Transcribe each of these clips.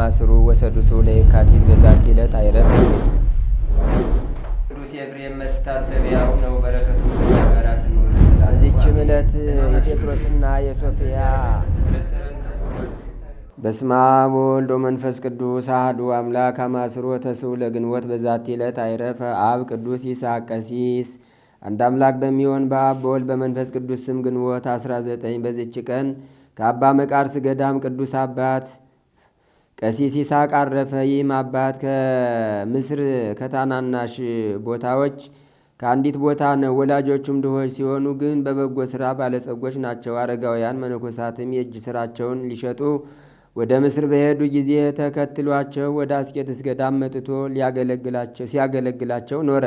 ማስሩ ወሰዱሱ ለየካቲት በዛቲ ዕለት አይረፍ። ቅዱስ ኤፍሬም መታሰቢያው ነው። በረከቱ በዚችም ዕለት የጴጥሮስና የሶፊያ በስማ ወልዶ መንፈስ ቅዱስ አህዱ አምላክ አማስሮ ተስው ለግንቦት በዛቲ ዕለት አይረፈ አብ ቅዱስ ይስሐቅ ቀሲስ። አንድ አምላክ በሚሆን በአብ በወልድ በመንፈስ ቅዱስ ስም ግንቦት 19 በዚች ቀን ከአባ መቃርስ ገዳም ቅዱስ አባት ቀሲስ ይስሐቅ አረፈ። ይህም አባት ከምስር ከታናናሽ ቦታዎች ከአንዲት ቦታ ነው። ወላጆቹም ድሆች ሲሆኑ ግን በበጎ ስራ ባለጸጎች ናቸው። አረጋውያን መነኮሳትም የእጅ ስራቸውን ሊሸጡ ወደ ምስር በሄዱ ጊዜ ተከትሏቸው ወደ አስቄጥስ ገዳም መጥቶ ሲያገለግላቸው ኖረ።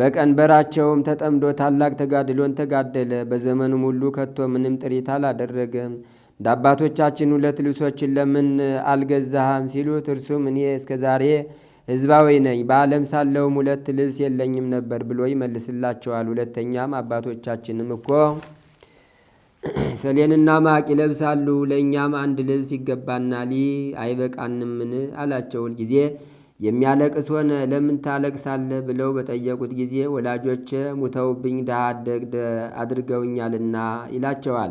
በቀንበራቸውም ተጠምዶ ታላቅ ተጋድሎን ተጋደለ። በዘመኑም ሁሉ ከቶ ምንም ጥሪት አላደረገም። እንደ አባቶቻችን ሁለት ልብሶችን ለምን አልገዛህም ሲሉት እርሱም እኔ እስከ ዛሬ ህዝባዊ ነኝ በዓለም ሳለውም ሁለት ልብስ የለኝም ነበር ብሎ ይመልስላቸዋል። ሁለተኛም አባቶቻችንም እኮ ሰሌንና ማቅ ይለብሳሉ፣ ለእኛም አንድ ልብስ ይገባናል፣ አይበቃንምን አላቸው። ሁልጊዜ የሚያለቅስ ሆነ። ለምን ታለቅሳለህ ብለው በጠየቁት ጊዜ ወላጆች ሙተውብኝ ድሃ አደግ አድርገውኛልና ይላቸዋል።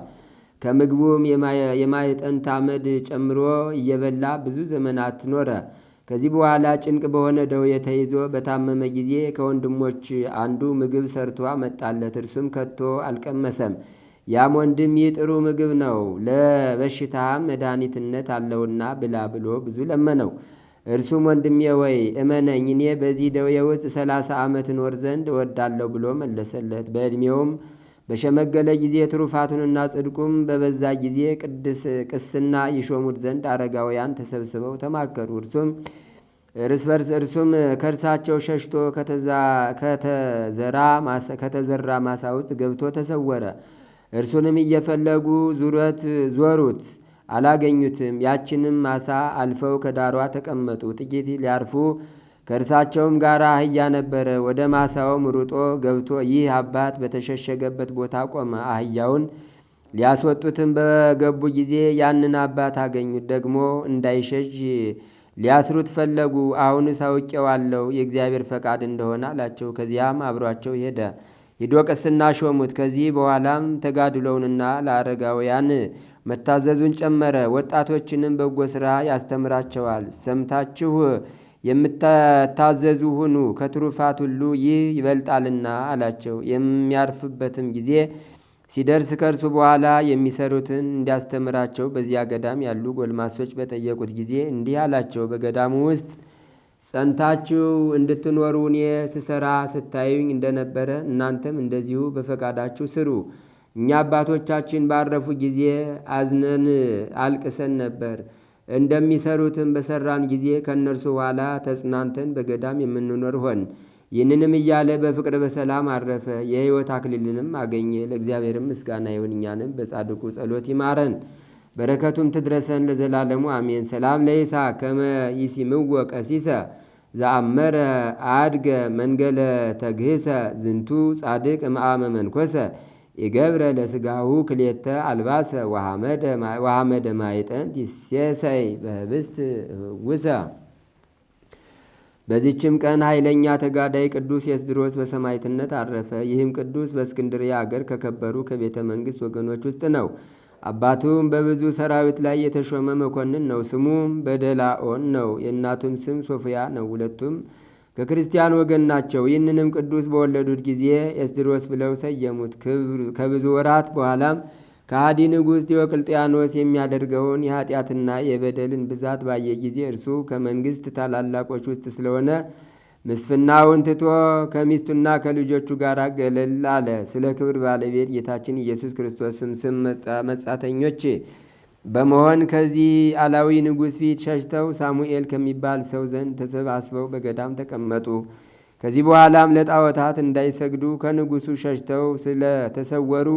ከምግቡም የማይጠንት አመድ ጨምሮ እየበላ ብዙ ዘመናት ኖረ። ከዚህ በኋላ ጭንቅ በሆነ ደዌ ተይዞ በታመመ ጊዜ ከወንድሞች አንዱ ምግብ ሰርቶ አመጣለት። እርሱም ከቶ አልቀመሰም። ያም ወንድም ይህ ጥሩ ምግብ ነው፣ ለበሽታ መድኃኒትነት አለውና ብላ ብሎ ብዙ ለመነው። እርሱም ወንድሜ ወይ እመነኝ፣ እኔ በዚህ ደዌ ውስጥ ሰላሳ ዓመት ኖር ዘንድ እወዳለሁ ብሎ መለሰለት። በዕድሜውም በሸመገለ ጊዜ ትሩፋቱንና ጽድቁም በበዛ ጊዜ ቅስና ይሾሙት ዘንድ አረጋውያን ተሰብስበው ተማከሩ። እርሱም እርስ በርስ እርሱም ከእርሳቸው ሸሽቶ ከተዘራ ማሳ ውስጥ ገብቶ ተሰወረ። እርሱንም እየፈለጉ ዙረት ዞሩት፣ አላገኙትም። ያችንም ማሳ አልፈው ከዳሯ ተቀመጡ። ጥቂት ሊያርፉ ከእርሳቸውም ጋር አህያ ነበረ። ወደ ማሳውም ሩጦ ገብቶ ይህ አባት በተሸሸገበት ቦታ ቆመ። አህያውን ሊያስወጡትም በገቡ ጊዜ ያንን አባት አገኙት። ደግሞ እንዳይሸሽ ሊያስሩት ፈለጉ። አሁንስ አውቄዋለሁ የእግዚአብሔር ፈቃድ እንደሆነ አላቸው። ከዚያም አብሯቸው ሄደ። ሂዶ ቅስና ሾሙት። ከዚህ በኋላም ተጋድሎውንና ለአረጋውያን መታዘዙን ጨመረ። ወጣቶችንም በጎ ሥራ ያስተምራቸዋል። ሰምታችሁ የምታዘዙ ሁኑ ከትሩፋት ሁሉ ይህ ይበልጣልና አላቸው። የሚያርፍበትም ጊዜ ሲደርስ ከእርሱ በኋላ የሚሰሩትን እንዲያስተምራቸው በዚያ ገዳም ያሉ ጎልማሶች በጠየቁት ጊዜ እንዲህ አላቸው። በገዳሙ ውስጥ ጸንታችሁ እንድትኖሩ እኔ ስሰራ ስታዩኝ እንደነበረ እናንተም እንደዚሁ በፈቃዳችሁ ስሩ። እኛ አባቶቻችን ባረፉ ጊዜ አዝነን አልቅሰን ነበር። እንደሚሰሩትም በሰራን ጊዜ ከእነርሱ በኋላ ተጽናንተን በገዳም የምንኖር ሆን። ይህንንም እያለ በፍቅር በሰላም አረፈ። የሕይወት አክሊልንም አገኘ። ለእግዚአብሔርም ምስጋና ይሁን፣ እኛንም በጻድቁ ጸሎት ይማረን፣ በረከቱም ትድረሰን ለዘላለሙ አሜን። ሰላም ለይሳ ከመ ምወ ቀሲሰ ዘአመረ አድገ መንገለ ተግህሰ ዝንቱ ጻድቅ መአመ መንኮሰ ይገብረ ለስጋው ክሌተ አልባሰ ወሐመደ ማይጠንት ይሴሰይ በህብስት ውሰ። በዚችም ቀን ኃይለኛ ተጋዳይ ቅዱስ የስድሮስ በሰማይትነት አረፈ። ይህም ቅዱስ በእስክንድርያ አገር ከከበሩ ከቤተ መንግስት ወገኖች ውስጥ ነው። አባቱም በብዙ ሰራዊት ላይ የተሾመ መኮንን ነው። ስሙም በደላኦን ነው። የእናቱም ስም ሶፍያ ነው። ሁለቱም ከክርስቲያን ወገን ናቸው። ይህንንም ቅዱስ በወለዱት ጊዜ ኤስድሮስ ብለው ሰየሙት። ከብዙ ወራት በኋላም ከሃዲ ንጉሥ ዲዮቅልጥያኖስ የሚያደርገውን የኃጢአትና የበደልን ብዛት ባየ ጊዜ እርሱ ከመንግሥት ታላላቆች ውስጥ ስለሆነ ምስፍናውን ትቶ ከሚስቱና ከልጆቹ ጋር ገለል አለ። ስለ ክብር ባለቤት ጌታችን ኢየሱስ ክርስቶስ ስም ስም መጻተኞች በመሆን ከዚህ አላዊ ንጉሥ ፊት ሸሽተው ሳሙኤል ከሚባል ሰው ዘንድ ተሰባስበው በገዳም ተቀመጡ። ከዚህ በኋላም ለጣዖታት እንዳይሰግዱ ከንጉሡ ሸሽተው ስለተሰወሩ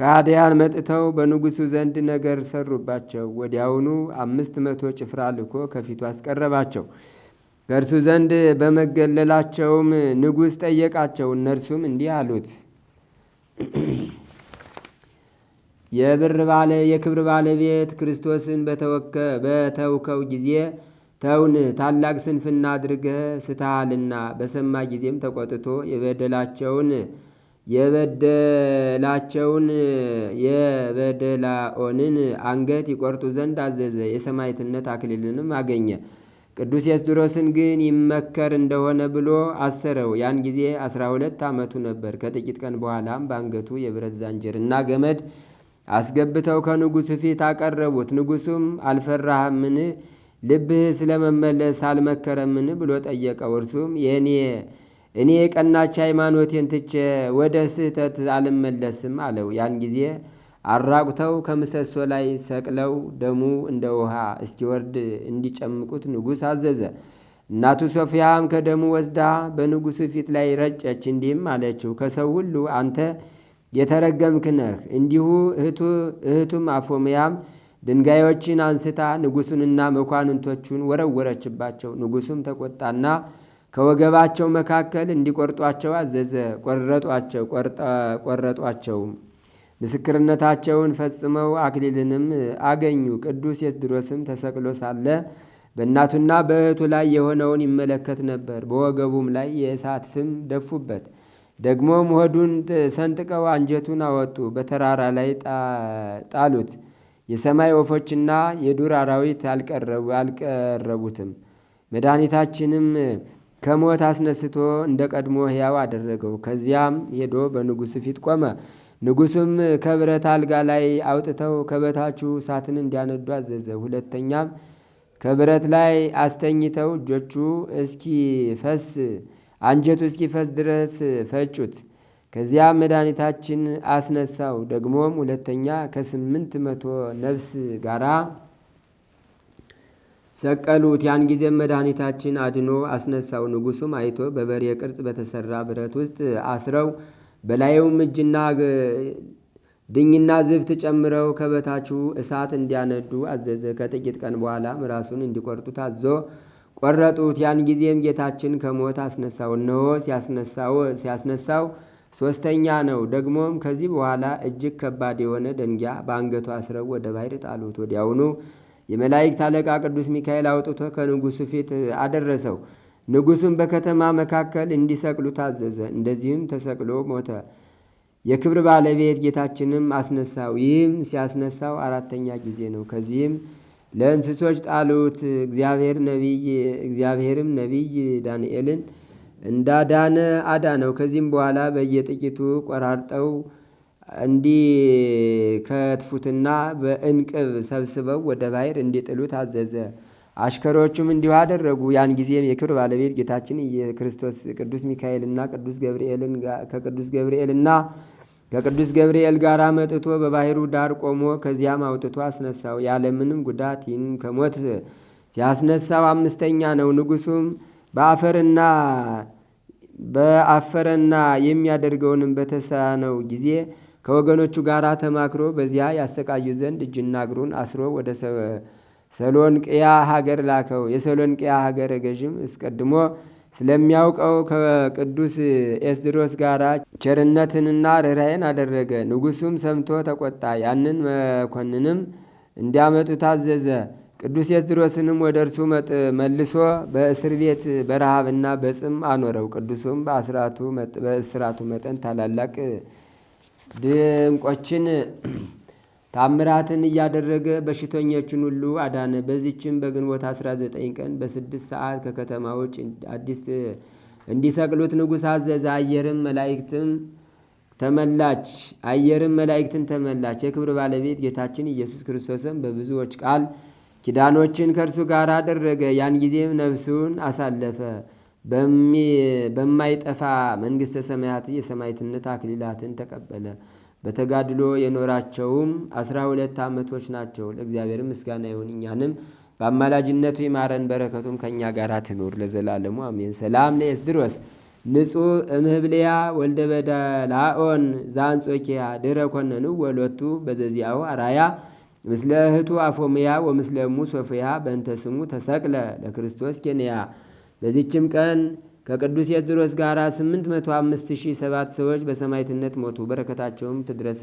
ከሃዲያን መጥተው በንጉሡ ዘንድ ነገር ሰሩባቸው። ወዲያውኑ አምስት መቶ ጭፍራ ልኮ ከፊቱ አስቀረባቸው። ከእርሱ ዘንድ በመገለላቸውም ንጉሥ ጠየቃቸው። እነርሱም እንዲህ አሉት የብር ባለ የክብር ባለቤት ክርስቶስን በተውከው ጊዜ ተውን ታላቅ ስንፍና አድርገህ ስታልና በሰማ ጊዜም ተቆጥቶ የበደላቸውን የበደላቸውን የበደላኦንን አንገት ይቆርጡ ዘንድ አዘዘ። የሰማዕትነት አክሊልንም አገኘ። ቅዱስ ኤስድሮስን ግን ይመከር እንደሆነ ብሎ አሰረው። ያን ጊዜ አስራ ሁለት ዓመቱ ነበር። ከጥቂት ቀን በኋላም በአንገቱ የብረት ዛንጀር ገመድ አስገብተው ከንጉሱ ፊት አቀረቡት። ንጉሱም አልፈራህምን? ልብህ ስለመመለስ አልመከረምን? ብሎ ጠየቀው። እርሱም የእኔ እኔ የቀናች ሃይማኖቴን ትቼ ወደ ስህተት አልመለስም አለው። ያን ጊዜ አራቁተው ከምሰሶ ላይ ሰቅለው ደሙ እንደ ውሃ እስኪወርድ እንዲጨምቁት ንጉሥ አዘዘ። እናቱ ሶፊያም ከደሙ ወስዳ በንጉሱ ፊት ላይ ረጨች፣ እንዲህም አለችው፦ ከሰው ሁሉ አንተ የተረገምክ ነህ። እንዲሁ እህቱም አፎምያም ድንጋዮችን አንስታ ንጉሱንና መኳንንቶቹን ወረወረችባቸው። ንጉሱም ተቆጣና ከወገባቸው መካከል እንዲቆርጧቸው አዘዘ። ቆረጧቸው ቆረጧቸው። ምስክርነታቸውን ፈጽመው አክሊልንም አገኙ። ቅዱስ የስድሮስም ተሰቅሎ ሳለ በእናቱና በእህቱ ላይ የሆነውን ይመለከት ነበር። በወገቡም ላይ የእሳት ፍም ደፉበት። ደግሞ ውህዱን ሰንጥቀው አንጀቱን አወጡ፣ በተራራ ላይ ጣሉት። የሰማይ ወፎችና የዱር አራዊት አልቀረቡትም። መድኃኒታችንም ከሞት አስነስቶ እንደ ቀድሞ ሕያው አደረገው። ከዚያም ሄዶ በንጉሥ ፊት ቆመ። ንጉሱም ከብረት አልጋ ላይ አውጥተው ከበታቹ እሳትን እንዲያነዱ አዘዘ። ሁለተኛም ከብረት ላይ አስተኝተው እጆቹ እስኪ ፈስ አንጀቱ እስኪፈስ ድረስ ፈጩት። ከዚያ መድኃኒታችን አስነሳው። ደግሞም ሁለተኛ ከስምንት መቶ ነፍስ ጋራ ሰቀሉት። ያን ጊዜም መድኃኒታችን አድኖ አስነሳው። ንጉሱም አይቶ በበሬ ቅርጽ በተሰራ ብረት ውስጥ አስረው በላዩም እጅና ድኝና ዝፍት ጨምረው ከበታቹ እሳት እንዲያነዱ አዘዘ። ከጥቂት ቀን በኋላም ራሱን እንዲቆርጡ ታዞ ቆረጡት። ያን ጊዜም ጌታችን ከሞት አስነሳው። እነሆ ሲያስነሳው ሶስተኛ ነው። ደግሞም ከዚህ በኋላ እጅግ ከባድ የሆነ ደንጊያ በአንገቱ አስረው ወደ ባህር ጣሉት። ወዲያውኑ የመላእክት አለቃ ቅዱስ ሚካኤል አውጥቶ ከንጉሱ ፊት አደረሰው። ንጉሱም በከተማ መካከል እንዲሰቅሉ ታዘዘ። እንደዚህም ተሰቅሎ ሞተ። የክብር ባለቤት ጌታችንም አስነሳው። ይህም ሲያስነሳው አራተኛ ጊዜ ነው። ከዚህም ለእንስሶች ጣሉት። እግዚአብሔር ነቢይ እግዚአብሔርም ነቢይ ዳንኤልን እንዳዳነ አዳነው። ከዚህም በኋላ በየጥቂቱ ቆራርጠው እንዲከትፉትና በእንቅብ ሰብስበው ወደ ባሕር እንዲጥሉት አዘዘ። አሽከሮቹም እንዲሁ አደረጉ። ያን ጊዜም የክብር ባለቤት ጌታችን ክርስቶስ ቅዱስ ሚካኤልና ቅዱስ ገብርኤልን ከቅዱስ ገብርኤልና ከቅዱስ ገብርኤል ጋር መጥቶ በባህሩ ዳር ቆሞ ከዚያም አውጥቶ አስነሳው። ያለምንም ጉዳት ይህን ከሞት ሲያስነሳው አምስተኛ ነው። ንጉሱም በአፈርና በአፈረና የሚያደርገውንም በተሳነው ጊዜ ከወገኖቹ ጋር ተማክሮ በዚያ ያሰቃዩ ዘንድ እጅና እግሩን አስሮ ወደ ሰሎንቅያ ሀገር ላከው። የሰሎንቅያ ሀገር ገዥም እስቀድሞ። ስለሚያውቀው ከቅዱስ ኤስድሮስ ጋር ቸርነትንና ርኅራኄን አደረገ። ንጉሱም ሰምቶ ተቆጣ። ያንን መኮንንም እንዲያመጡ ታዘዘ። ቅዱስ ኤስድሮስንም ወደ እርሱ መልሶ በእስር ቤት በረሃብና በጽም አኖረው። ቅዱሱም በእስራቱ መጠን ታላላቅ ድንቆችን ታምራትን እያደረገ በሽተኞችን ሁሉ አዳነ። በዚችም በግንቦት 19 ቀን በስድስት ሰዓት ከከተማ ውጭ አዲስ እንዲሰቅሉት ንጉሥ አዘዘ። አየርም መላእክትም ተመላች አየርም መላእክትን ተመላች። የክብር ባለቤት ጌታችን ኢየሱስ ክርስቶስም በብዙዎች ቃል ኪዳኖችን ከእርሱ ጋር አደረገ። ያን ጊዜም ነፍሱን አሳለፈ። በማይጠፋ መንግሥተ ሰማያት የሰማዕትነት አክሊላትን ተቀበለ። በተጋድሎ የኖራቸውም አስራ ሁለት ዓመቶች ናቸው። ለእግዚአብሔርም ምስጋና ይሁን፣ እኛንም በአማላጅነቱ ይማረን፣ በረከቱም ከእኛ ጋር ትኑር ለዘላለሙ አሜን። ሰላም ለኤስድሮስ ንጹሕ እምህብልያ ወልደ በደላኦን ዛንጾኪያ ድረ ኮነኑ ወሎቱ በዘዚያው አራያ ምስለ እህቱ አፎምያ ወምስለሙ ሶፍያ በእንተ ስሙ ተሰቅለ ለክርስቶስ ኬንያ በዚችም ቀን ከቅዱስ የድሮስ ጋር 857 ሰዎች በሰማይትነት ሞቱ። በረከታቸውም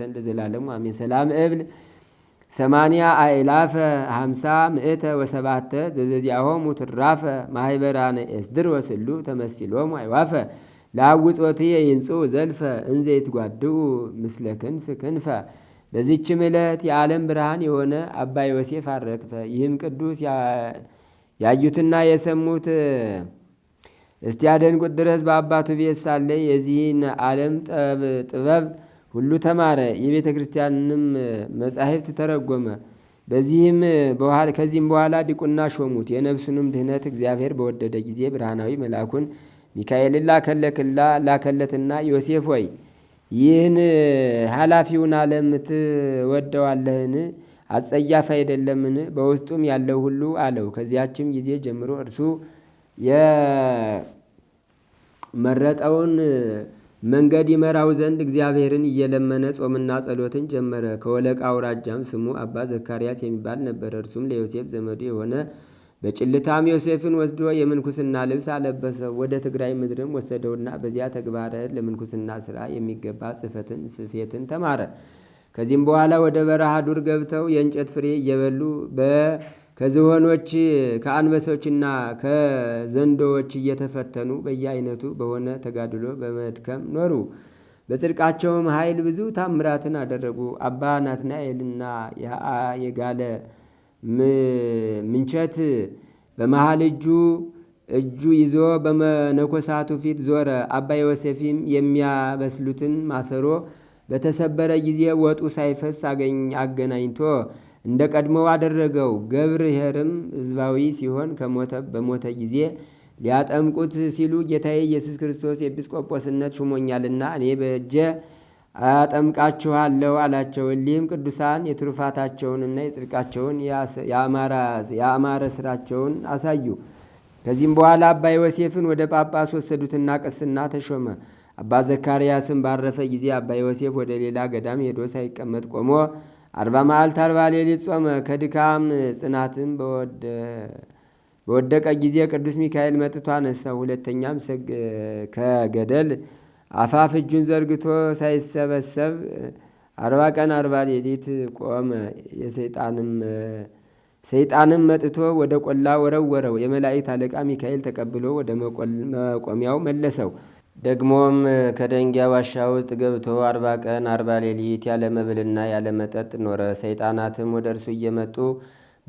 እንደ ዘላለም አሜን። ሰላም እብል ሰማንያ አይላፈ ሀምሳ ምእተ ወሰባተ ዘዘዚያሆሙ ትራፈ ማህበራነ ኤስድር ወስሉ ተመሲሎሙ አይዋፈ ለአውጾትየ ይንጽኡ ዘልፈ እንዘይት ይትጓድኡ ምስለ ክንፍ ክንፈ። በዚችም ዕለት የዓለም ብርሃን የሆነ አባ ዮሴፍ አረፈ። ይህም ቅዱስ ያዩትና የሰሙት እስቲያደንቁት ድረስ በአባቱ ቤት ሳለ የዚህን ዓለም ጥበብ ሁሉ ተማረ። የቤተ ክርስቲያንንም መጻሕፍት ተረጎመ። በዚህም ከዚህም በኋላ ዲቁና ሾሙት። የነፍሱንም ድህነት እግዚአብሔር በወደደ ጊዜ ብርሃናዊ መልአኩን ሚካኤልን ላከለትና ዮሴፍ ሆይ ይህን ኃላፊውን ዓለም ትወደዋለህን? አጸያፍ አይደለምን? በውስጡም ያለው ሁሉ አለው። ከዚያችም ጊዜ ጀምሮ እርሱ የመረጠውን መንገድ ይመራው ዘንድ እግዚአብሔርን እየለመነ ጾምና ጸሎትን ጀመረ። ከወለቃ አውራጃም ስሙ አባ ዘካርያስ የሚባል ነበረ። እርሱም ለዮሴፍ ዘመዱ የሆነ በጭልታም ዮሴፍን ወስዶ የምንኩስና ልብስ አለበሰው። ወደ ትግራይ ምድርም ወሰደውና በዚያ ተግባረ ለምንኩስና ስራ የሚገባ ጽፈትን ስፌትን ተማረ። ከዚህም በኋላ ወደ በረሃ ዱር ገብተው የእንጨት ፍሬ እየበሉ በ ከዝሆኖች ከአንበሶችና ከዘንዶዎች እየተፈተኑ በየአይነቱ በሆነ ተጋድሎ በመድከም ኖሩ። በጽድቃቸውም ኃይል ብዙ ታምራትን አደረጉ። አባ ናትናኤልና የጋለ ምንቸት በመሃል እጁ እጁ ይዞ በመነኮሳቱ ፊት ዞረ። አባ ዮሴፊም የሚያበስሉትን ማሰሮ በተሰበረ ጊዜ ወጡ ሳይፈስ አገኝ አገናኝቶ እንደ ቀድሞው አደረገው። ሄርም ሕዝባዊ ሲሆን ከሞተ በሞተ ጊዜ ሊያጠምቁት ሲሉ ጌታዬ ኢየሱስ ክርስቶስ የኤጲስቆጶስነት ሹሞኛልና እኔ በእጀ አጠምቃችኋለሁ አላቸው። እሊህም ቅዱሳን የትሩፋታቸውንና የጽድቃቸውን የአማረ ስራቸውን አሳዩ። ከዚህም በኋላ አባ ዮሴፍን ወደ ጳጳስ ወሰዱትና ቅስና ተሾመ። አባ ዘካርያስም ባረፈ ጊዜ አባ ዮሴፍ ወደ ሌላ ገዳም ሄዶ ሳይቀመጥ ቆሞ አርባ መዓልት አርባ ሌሊት ጾመ። ከድካም ጽናትም በወደቀ ጊዜ ቅዱስ ሚካኤል መጥቶ አነሳው። ሁለተኛም ከገደል አፋፍ እጁን ዘርግቶ ሳይሰበሰብ አርባ ቀን አርባ ሌሊት ቆመ። የሰይጣንም ሰይጣንም መጥቶ ወደ ቆላ ወረወረው። የመላእክት አለቃ ሚካኤል ተቀብሎ ወደ መቆሚያው መለሰው። ደግሞም ከደንጊያ ዋሻ ውስጥ ገብቶ አርባ ቀን አርባ ሌሊት ያለ መብልና ያለ መጠጥ ኖረ። ሰይጣናትም ወደ እርሱ እየመጡ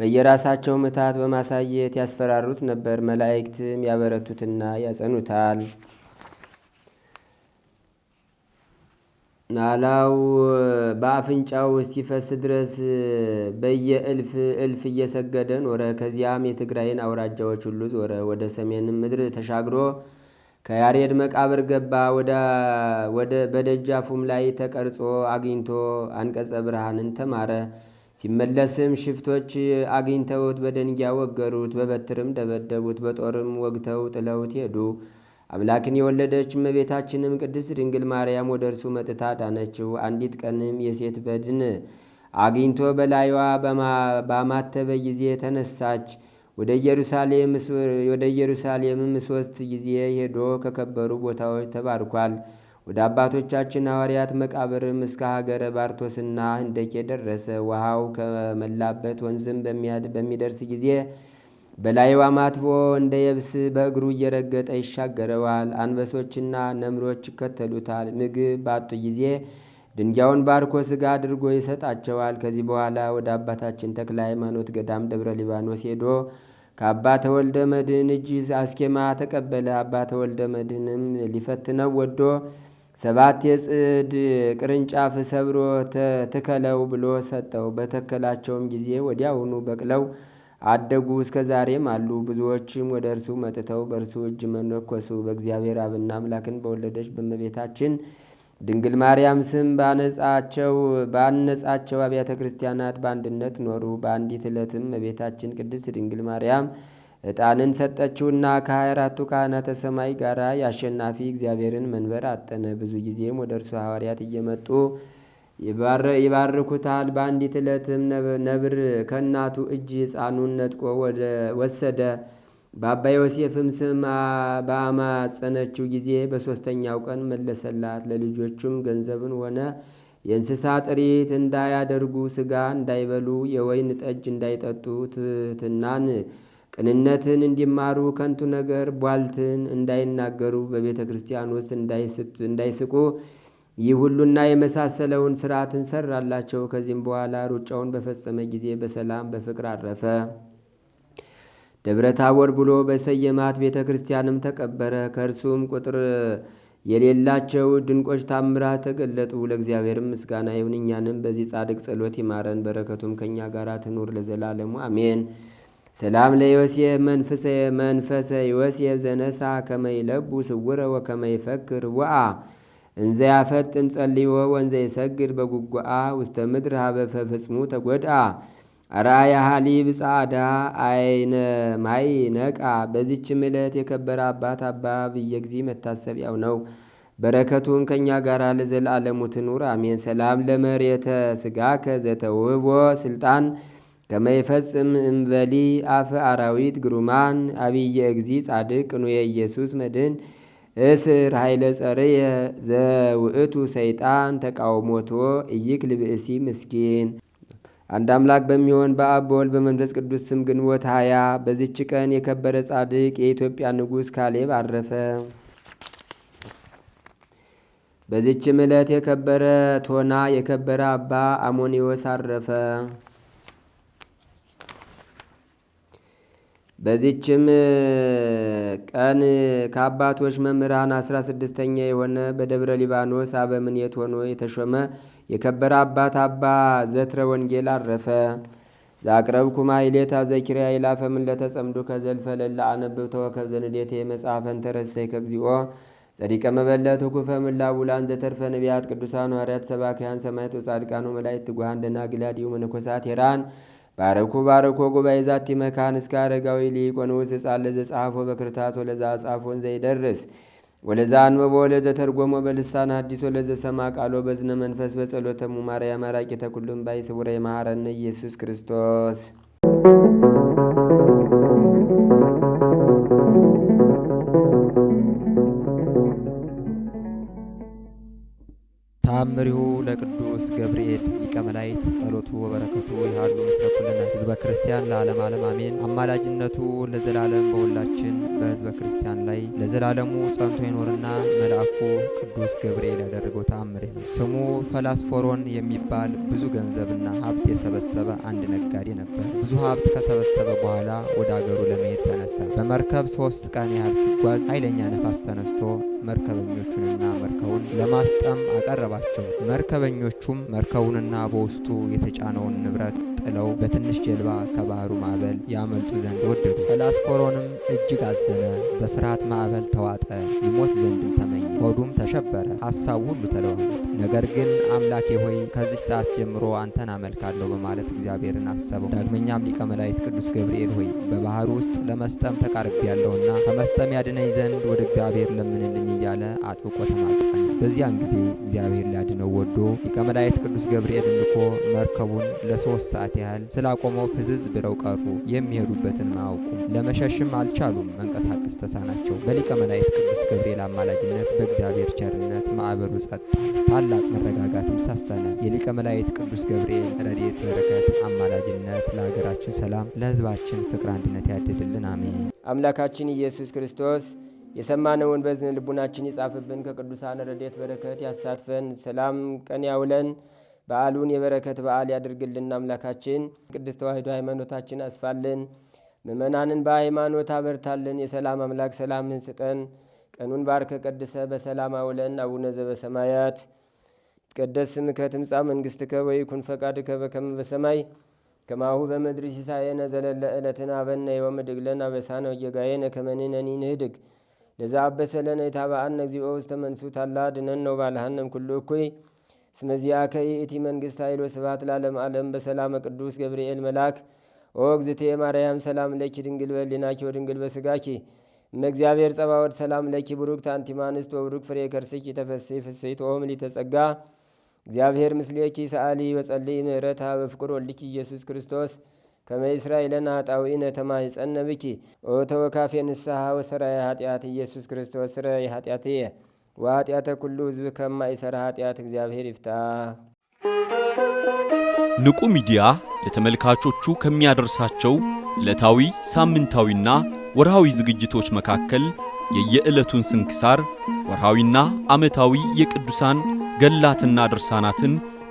በየራሳቸው ምታት በማሳየት ያስፈራሩት ነበር። መላእክትም ያበረቱትና ያጸኑታል። ናላው በአፍንጫው ይፈስ ድረስ በየእልፍ እልፍ እየሰገደ ኖረ። ከዚያም የትግራይን አውራጃዎች ሁሉ ዞረ። ወደ ሰሜን ምድር ተሻግሮ ከያሬድ መቃብር ገባ። ወደ በደጃፉም ላይ ተቀርጾ አግኝቶ አንቀጸ ብርሃንን ተማረ። ሲመለስም ሽፍቶች አግኝተውት በደንጊያ ወገሩት፣ በበትርም ደበደቡት፣ በጦርም ወግተው ጥለውት ሄዱ። አምላክን የወለደች እመቤታችንም ቅድስት ድንግል ማርያም ወደ እርሱ መጥታ ዳነችው። አንዲት ቀንም የሴት በድን አግኝቶ በላይዋ ባማተበ ጊዜ ተነሳች። ወደ ኢየሩሳሌምም ሶስት ጊዜ ሄዶ ከከበሩ ቦታዎች ተባርኳል። ወደ አባቶቻችን ሐዋርያት መቃብርም እስከ ሀገረ ባርቶስና ህንደኬ ደረሰ። ውሃው ከመላበት ወንዝም በሚደርስ ጊዜ በላይዋ ማትቦ እንደ የብስ በእግሩ እየረገጠ ይሻገረዋል። አንበሶችና ነምሮች ይከተሉታል። ምግብ ባጡ ጊዜ ድንጋዩን ባርኮ ስጋ አድርጎ ይሰጣቸዋል። ከዚህ በኋላ ወደ አባታችን ተክለ ሃይማኖት ገዳም ደብረ ሊባኖስ ሄዶ ከአባ ተወልደ መድህን እጅ አስኬማ ተቀበለ። አባ ተወልደ መድህንም ሊፈትነው ወዶ ሰባት የጽድ ቅርንጫፍ ሰብሮ ተተከለው ብሎ ሰጠው። በተከላቸውም ጊዜ ወዲያውኑ በቅለው አደጉ፣ እስከ ዛሬም አሉ። ብዙዎችም ወደ እርሱ መጥተው በእርሱ እጅ መነኮሱ። በእግዚአብሔር አብና አምላክን በወለደች በእመቤታችን ድንግል ማርያም ስም ባነጻቸው ባነጻቸው አብያተ ክርስቲያናት በአንድነት ኖሩ። በአንዲት ዕለትም እመቤታችን ቅድስት ድንግል ማርያም ዕጣንን ሰጠችውና ከሀያ አራቱ ካህናተ ሰማይ ጋር የአሸናፊ እግዚአብሔርን መንበር አጠነ። ብዙ ጊዜም ወደ እርሱ ሐዋርያት እየመጡ ይባርኩታል። በአንዲት ዕለትም ነብር ከእናቱ እጅ ሕፃኑን ነጥቆ ወሰደ። በአባ ዮሴፍም ስም በአማጸነችው ጊዜ በሦስተኛው ቀን መለሰላት። ለልጆቹም ገንዘብን ሆነ የእንስሳ ጥሪት እንዳያደርጉ፣ ስጋ እንዳይበሉ፣ የወይን ጠጅ እንዳይጠጡ፣ ትሕትናን፣ ቅንነትን እንዲማሩ፣ ከንቱ ነገር ቧልትን እንዳይናገሩ፣ በቤተ ክርስቲያን ውስጥ እንዳይስቁ ይህ ሁሉና የመሳሰለውን ስርዓትን ሰራላቸው። ከዚህም በኋላ ሩጫውን በፈጸመ ጊዜ በሰላም በፍቅር አረፈ። ደብረ ታቦር ብሎ በሰየማት ቤተ ክርስቲያንም ተቀበረ። ከእርሱም ቁጥር የሌላቸው ድንቆች ታምራት ተገለጡ። ለእግዚአብሔር ምስጋና ይሁን፣ እኛንም በዚህ ጻድቅ ጸሎት ይማረን፣ በረከቱም ከእኛ ጋር ትኑር ለዘላለሙ አሜን። ሰላም ለዮሴፍ መንፈሰ መንፈሰ ዮሴፍ ዘነሳ ከመይለቡ ስውረ ወከመይፈክር ወአ እንዘ ያፈጥን ጸልዮ ወንዘ ይሰግድ በጉጓአ ውስተ ምድር ሀበፈ ፍጽሙ ተጎድአ አራያ ሀሊብ ጻዳ አይነ ማይ ነቃ። በዚችም ዕለት የከበረ አባት አባ ጊዜ መታሰቢያው ነው። በረከቱን ከእኛ ጋር ለዘላለሙ ትኑር አሜን። ሰላም ለመሬተ ስጋከ ከዘተውቦ ስልጣን ከመይፈጽም እምበሊ አፈ አራዊት ግሩማን አብየ እግዚ ጻድቅ ኑየ ኢየሱስ መድህን እስር ኃይለ ጸርየ ዘውእቱ ሰይጣን ተቃውሞቶ እይክ ልብእሲ ምስኪን አንድ አምላክ በሚሆን በአብ በወልድ በመንፈስ ቅዱስ ስም ግንቦት ሀያ በዚች ቀን የከበረ ጻድቅ የኢትዮጵያ ንጉሥ ካሌብ አረፈ። በዚችም ዕለት የከበረ ቶና የከበረ አባ አሞኒዎስ አረፈ። በዚችም ቀን ከአባቶች መምህራን አስራ ስድስተኛ የሆነ በደብረ ሊባኖስ አበምኔት ሆኖ የተሾመ የከበረ አባት አባ ዘትረ ወንጌል አረፈ። ዛቅረብኩ ማሕሌታ ዘኪርያ ይላፈምን ለተጸምዱ ከዘልፈ ለላ አነብብ ተወከብ ዘንዴቴ የመጽሐፈን ተረሰይ ከግዚኦ ጸዲቀ መበለት ህኩፈ ምላ ውላን ዘተርፈ ነቢያት ቅዱሳን ሐዋርያት ሰባክያን ሰማዕት ወጻድቃን መላእክት ትጉሃን ደናግላዲው መነኮሳት ሄራን ባረኩ ባረኮ ጉባኤ ዛቲ መካን እስከ አረጋዊ ሊቆንውስ ውስጥ ጻለ ዘጻፎ በክርታስ ወለዛ ጻፎን ዘይደርስ ወለዛ አንበቦ ወለዘ ተርጎሞ በልሳን አዲስ ወለዘ ሰማ ቃሎ በዝነ መንፈስ በጸሎተ ሙማርያ ማራቂ ተኩሉም ባይ ስውረ የመሐረነ ኢየሱስ ክርስቶስ ቅዱስ ገብርኤል ሊቀ መላእክት ጸሎቱ ወበረከቱ ይሃሉ ምስለ ህዝበ ክርስቲያን ለዓለም ዓለም አሜን። አማላጅነቱ ለዘላለም በሁላችን በህዝበ ክርስቲያን ላይ ለዘላለሙ ጸንቶ ይኖርና መልአኩ ቅዱስ ገብርኤል ያደረገው ተአምሬ ነው። ስሙ ፈላስፎሮን የሚባል ብዙ ገንዘብና ሀብት የሰበሰበ አንድ ነጋዴ ነበር። ብዙ ሀብት ከሰበሰበ በኋላ ወደ አገሩ ለመሄድ ተነሳ። በመርከብ ሶስት ቀን ያህል ሲጓዝ ኃይለኛ ነፋስ ተነስቶ መርከበኞቹንና መርከቡን ለማስጠም አቀረባቸው። መርከበኞቹም መርከቡንና በውስጡ የተጫነውን ንብረት ጥለው በትንሽ ጀልባ ከባህሩ ማዕበል ያመልጡ ዘንድ ወደዱ። ፈላስፎሮንም እጅግ አዘነ፣ በፍርሃት ማዕበል ተዋጠ፣ ይሞት ዘንድ ተመኘ። ሆዱም ተሸበረ፣ ሀሳቡ ሁሉ ተለዋወጠ። ነገር ግን አምላኬ ሆይ ከዚች ሰዓት ጀምሮ አንተን አመልካለሁ በማለት እግዚአብሔርን አሰበው። ዳግመኛም ሊቀ መላእክት ቅዱስ ገብርኤል ሆይ በባህሩ ውስጥ ለመስጠም ተቃርቤ ያለውና ከመስጠም ያድነኝ ዘንድ ወደ እግዚአብሔር ለምንልኝ እያለ አጥብቆ ተማጸነ። በዚያን ጊዜ እግዚአብሔር ሊያድነው ወዶ ሊቀ መላእክት ቅዱስ ገብርኤል ልኮ መርከቡን ለሶስት ሰዓት ያህል ስላቆመው ፍዝዝ ብለው ቀሩ። የሚሄዱበትን አያውቁም፣ ለመሸሽም አልቻሉም፣ መንቀሳቀስ ተሳናቸው። በሊቀ መላእክት ቅዱስ ገብርኤል አማላጅነት በእግዚአብሔር ቸርነት ማዕበሉ ጸጥ፣ ታላቅ መረጋጋትም ሰፈነ። የሊቀ መላእክት ቅዱስ ገብርኤል ረድኤት በረከት አማላጅነት ለሀገራችን ሰላም፣ ለህዝባችን ፍቅር አንድነት ያድልልን። አሜን። አምላካችን ኢየሱስ ክርስቶስ የሰማነውን በዝን ልቡናችን ይጻፍብን፣ ከቅዱሳን ረድኤት በረከት ያሳትፈን፣ ሰላም ቀን ያውለን፣ በዓሉን የበረከት በዓል ያድርግልን። አምላካችን ቅድስት ተዋሕዶ ሃይማኖታችን አስፋልን፣ ምእመናንን በሃይማኖት አበርታልን። የሰላም አምላክ ሰላምን ስጠን። ቀኑን ባርከ ቀድሰ በሰላም አውለን። አቡነ ዘበሰማያት ይትቀደስ ስምከ ትምጻእ መንግሥትከ ወይኩን ፈቃድከ በከመ በሰማይ ከማሁ በምድር ሲሳየነ ዘለለ ዕለትን ሀበነ ዮም ወኅድግ ለነ አበሳነ ወጌጋየነ ከመ ንሕነኒ ንኅድግ ለዘአበሰለነ የታብአነ እግዚኦ ውስተ መንሱት ታላ ድነን ነው ባልሃንም ኩሉ እኩይ ስመዚያ ከይ እቲ መንግስት ኃይሎ ስብሐት ላለም ዓለም በሰላመ ቅዱስ ገብርኤል መልአክ ኦ እግዝእቴ ማርያም ሰላም ለኪ ድንግል በሊናኪ ወድንግል በስጋኪ እመእግዚአብሔር ጸባወድ ሰላም ለኪ ብሩክት አንቲ እምአንስት ወብሩክ ፍሬ ከርስኪ ተፈሥሒ ፍሥሕት ኦም ምልዕተ ጸጋ እግዚአብሔር ምስሌኪ ሰአሊ በጸልይ ምህረታ በፍቅር ወልድኪ ኢየሱስ ክርስቶስ ከመእስራኤልን አጣዊ ነተማ ብኪ ኦቶ ተወካፌ ንስሓ ወሰራ ኃጢአት ኢየሱስ ክርስቶስ ስረይ እየ ወኃጢአተ ኩሉ ህዝብ ይሰራ ኃጢአት እግዚአብሔር ይፍታ። ንቁ ሚዲያ ለተመልካቾቹ ከሚያደርሳቸው ዕለታዊ ሳምንታዊና ወርሃዊ ዝግጅቶች መካከል የየዕለቱን ስንክሳር ወርሃዊና ዓመታዊ የቅዱሳን ገላትና ድርሳናትን